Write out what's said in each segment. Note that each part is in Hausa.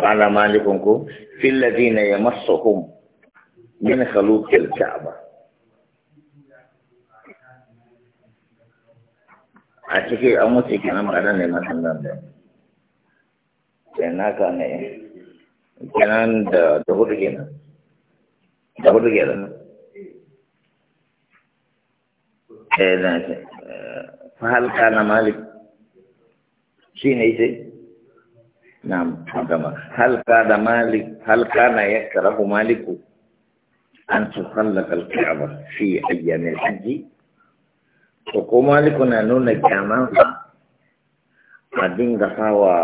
قال مالك في الذين يمسهم من خلوق الكعبة أتكي أموتي كنا مغانا لما سنبدا كنا كنا كنا دهور كنا دهور كنا إيه، فهل كان مالك شين إيسي نعم كما هل كان مالك هل كان يكره مالك أن تخلق الكعبة في أيام الحج وكما مالك نانون كما أدين دفاوى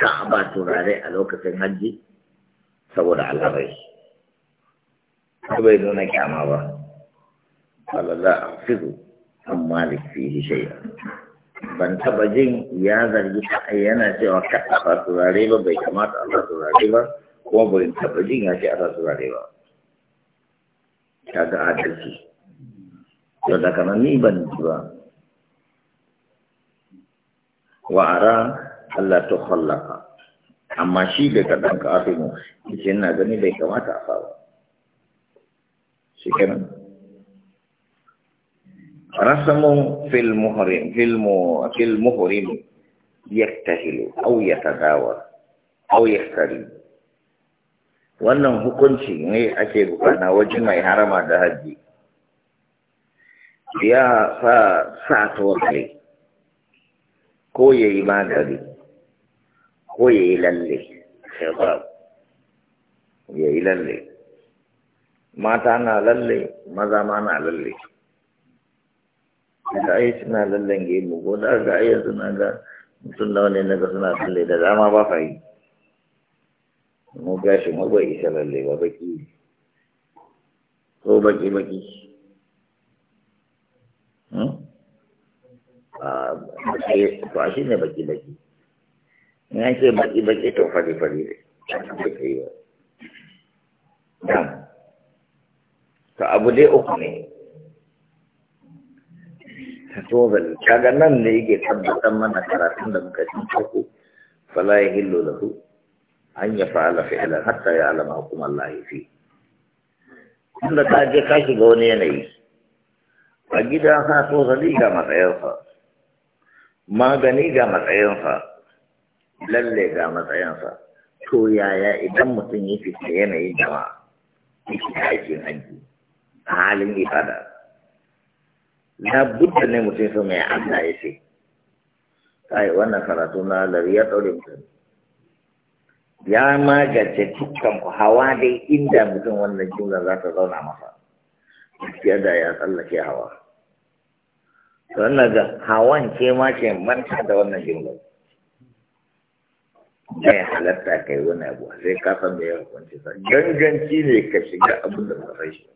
كعبة تراري ألوك في الحج سور على الرئيس فبينون الجامعة قال لا أحفظ أم مالك فيه شيئا ban taba jin ya zargi ta yana cewa ka a turare ba bai kamata a turare ba kuma ban taba jin ya ce a turare ba ga adalci to da kana ni ban ji ba wa ara Allah to khallaka amma shi da kadan ka afimu yace ina gani bai kamata a fa ba shikenan رسموا في المهرم في المو في المهرم يكتهل أو يتداور أو يختلف وأنهم هكونشي ني أكيد أنا وجه ما يحرم هذا هجي يا فا ساتور لي كوي إيمان لي كوي اللي خضاب يا اللي ما تانا للي ماذا مانا للي da ai suna lallange mu ko da ga ai suna ga mutum da wani naga suna tsalle da dama ba fa yi mu gashi mu bai isa lalle ba baki ko baki baki hmm? ba shi ne baki baki in an ce baki baki to fari fari ne ta abu dai uku ne tozali kaga nan ne yake tabbatar mana karatun da muka ci farko fala ya lahu an ya fa'ala fi'lan hatta ya alama hukumar Allah fi ka je ka shiga wani yanayi a gida so zali ga matsayinsa magani ga matsayinsa lalle ga matsayinsa to yaya idan mutum ya fita yanayin jama'a yake aikin hanji a halin ibada labudda ne mutum su mai Allah ya ce kai wannan karatu na lari ya ɗaure mutum ya magance dukkan ku hawa dai inda mutum wannan jumla za ta zauna masa gaskiya da ya tsallake hawa wannan ga hawan ce ma ke manta da wannan jumla bai halatta kai wani abu sai ka san da ya hukunci sa ganganci ne ka shiga abin da ba sai shi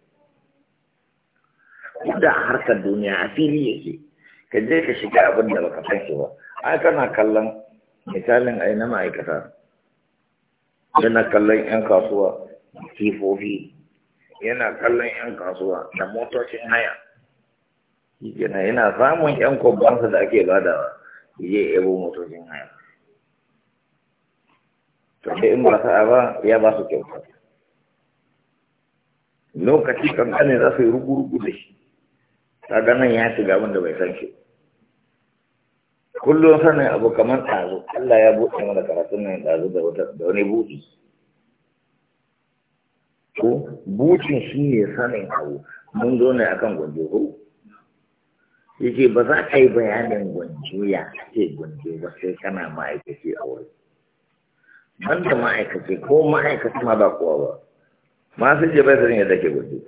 da harkar duniya a fili yake ka je ka shiga abin da baka san shi ba ai kana kallon misalin ai na ma'aikata yana kallon yan kasuwa kifofi yana kallon yan kasuwa da motocin haya yana yana samun yan kwabbansa da ake badawa je ebo motocin haya to sai in ba sa'a ba ya ba su kyauta lokaci kankanin za su yi rugu-rugu da shi kaga nan ya shiga wanda bai san shi kullum sanin abu kamar ɗazu Allah ya buɗe mana karatun nan ɗazu da wani buɗi ko bucin shi ne sanin abu mun zo ne akan gwanjo ko yake ba za ka yi bayanin gwanjo ya ce gwanjo ba sai kana ma'aikaci a wuri banda ma'aikaci ko ma'aikaci ma ba kowa ba masu bai sanin yadda ke gwanjo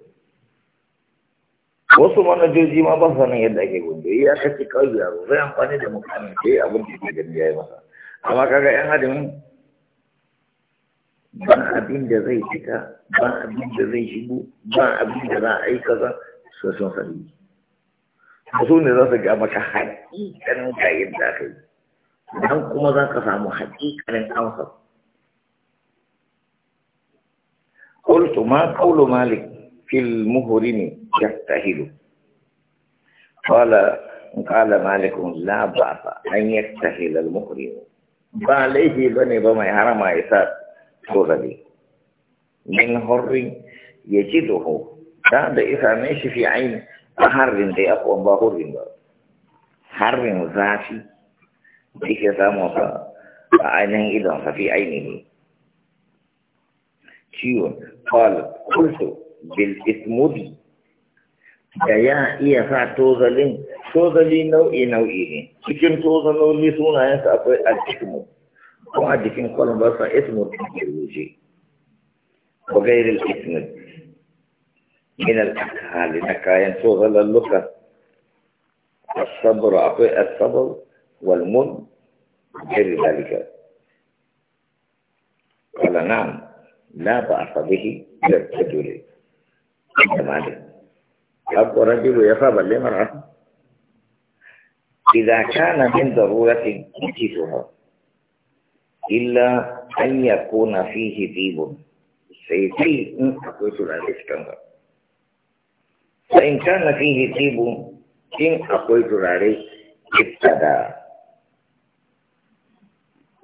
wasu manajoji ma ba sanin yadda ake gudu ya kace kawai yaro zai amfani da mukamin ke abin da ke gani yi masa amma kaga yan adamin ba abin da zai fita ba abin da zai shigo ba abin da za a yi kaza su sun sani su ne za su ga maka haƙiƙanin ga yadda aka yi dan kuma za ka samu haƙiƙanin amsa قلت ما قول مالك في المهرم يستهل قال قال مالك لا بأس أن يستهل المكرم فعليه بني بما يحرم عيسى تغلي من حر يجده بعد إذا ماشي في عين حر دي أقوى بحر حر ذاتي ديك ساموسا عينه إذا في عينه ciwon قال قلت bil da ya iya sa tozalin tozali nau'i nau'i ne cikin tozaloli sunayensa akwai al-ismu ko a jikin kwalon ba sa ismu da ke rubuce ko gairin ismu min al-akhali na kayan tozalan luka الصبر akwai الصبر والمن غير ذلك قال نعم لا بأس به للرجل كمالك أبو رجل يصاب لمرأة إذا كان من ضرورة تجدها إلا أن يكون فيه طيب سيتي إن أقويت العريس فإن كان فيه طيب إن أقويت العريس ابتدى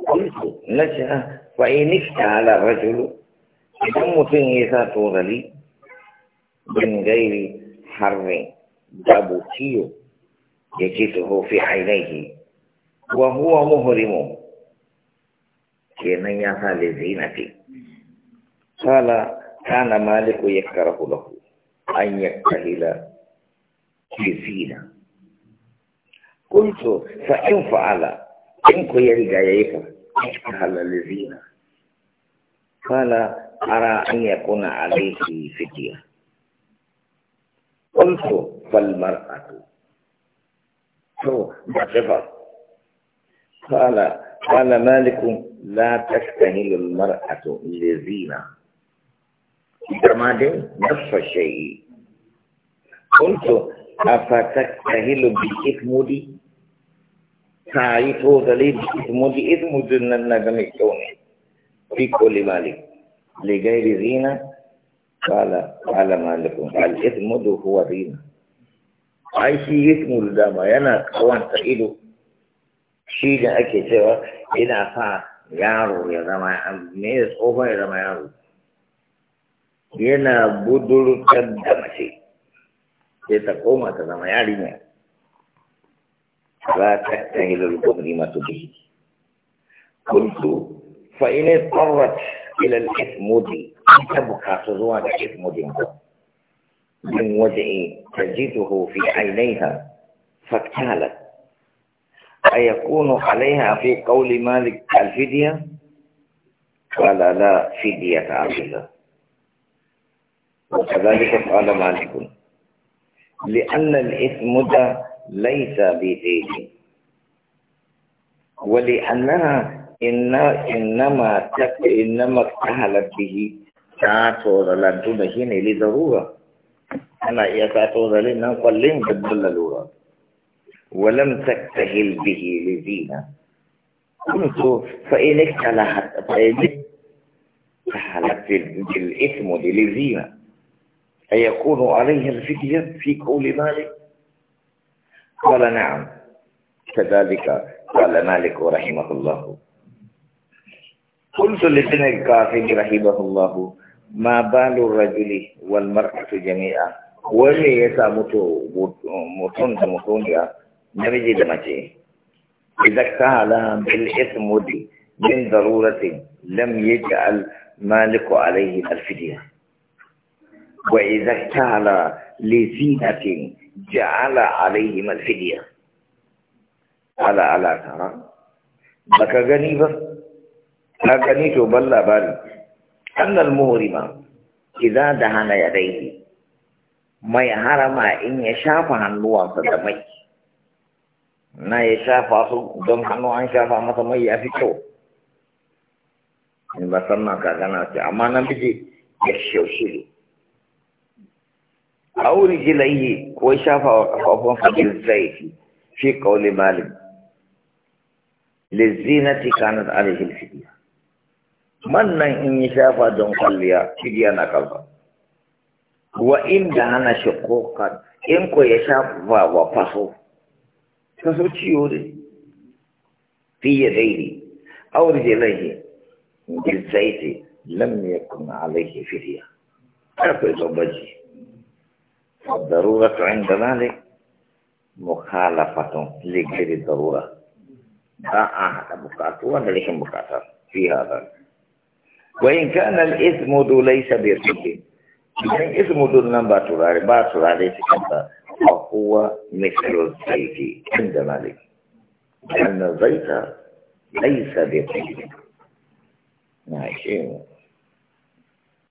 قلت نجأ فإن اشتعل الرجل إذا متن يساتون لي من غير har jabutiyo yajiduhu fi ainihi wa huwa muhrimu kenan ya sa le Fala qala kana maliku yakrahu lahu an yakhila fi zina qultu fa in fa'ala in ku ya riga fa qala le zina qala ara an yakuna alayhi fitiyah قلت فالمرأة هو بصفة قال قال مالك لا تستهل المرأة لزينة جماد نفس الشيء قلت أفتستهل بالإثمد تعرف ذلك بالإثمد إثمد لن نجمع في كل مالك لغير زينة قال ما لكم الاثم ده هو دين اي شيء اسم الدم انا كوان تعيدو شيء ده اكي سوا انا فا يارو يا دم يا ميز اوفا يا دم يا رو ينا بدل كدم شيء كيتا كوما تدم يا دم يا لا تهيل القدرمة به قلت فإن اضطرت إلى الإثم دي an ta bukatu zuwa ga ismudin ba min waje'i أيكون عليها في قول مالك الفدية قال لا فدية عبدالله وكذلك قال مالك لأن الإثم ده ليس بدين ولأنها إن إنما تك إنما اكتهلت به چاٹھو رلان تو دہی نہیں انا يا ساتھو رلی نا قلیم جبل لورا ولم تكتهل به لزينة قلت فإنك چلاحت اپایدی تحالت دل اسم دل زینا ایکون علیہ الفدیہ فی قول مالک قال نعم كذلك قال مالك رحمه الله قلت لابن الكافر رحمه الله ma balu rajuli wal mar'atu jami'a wanne ya sa mutu mutum da mutumiya namiji da mace idan ka hala bil ismudi min darurati lam yaj'al maliku alayhi al fidya wa idan ka hala li zinatin ja'ala alayhi al fidya ala ala tara baka gani ba ka gani to ban labari أن المغرم إذا دهن يديه ما يحرم إن يشاف عن da mai. na ya shafa su don hannu an shafa masa mai ya fi kyau in ba sannan kagana ce amma na biji ya shaushiru a wuri jilaihi ko shafa wa kafafun fagil zaifi fi kauli malik lizinati kanat alaihi alfidiya man nan in yi shafa don kwalliya kidiya na kalba wa inda hana shi kokan in ko ya shafa wa faso faso ciwo ne fiye daidai aurje laihe gizaiti lam yakun alaihi fidiya akwai zobaji الضرورة عند ذلك مخالفة لغير الضرورة لا أحد بكاته ولا لهم بكاته في هذا wa in kana al ismu du laysa bi rukin ba turare ba turare shi kan ba huwa mithlu zayti inda malik anna zayta laysa bi rukin na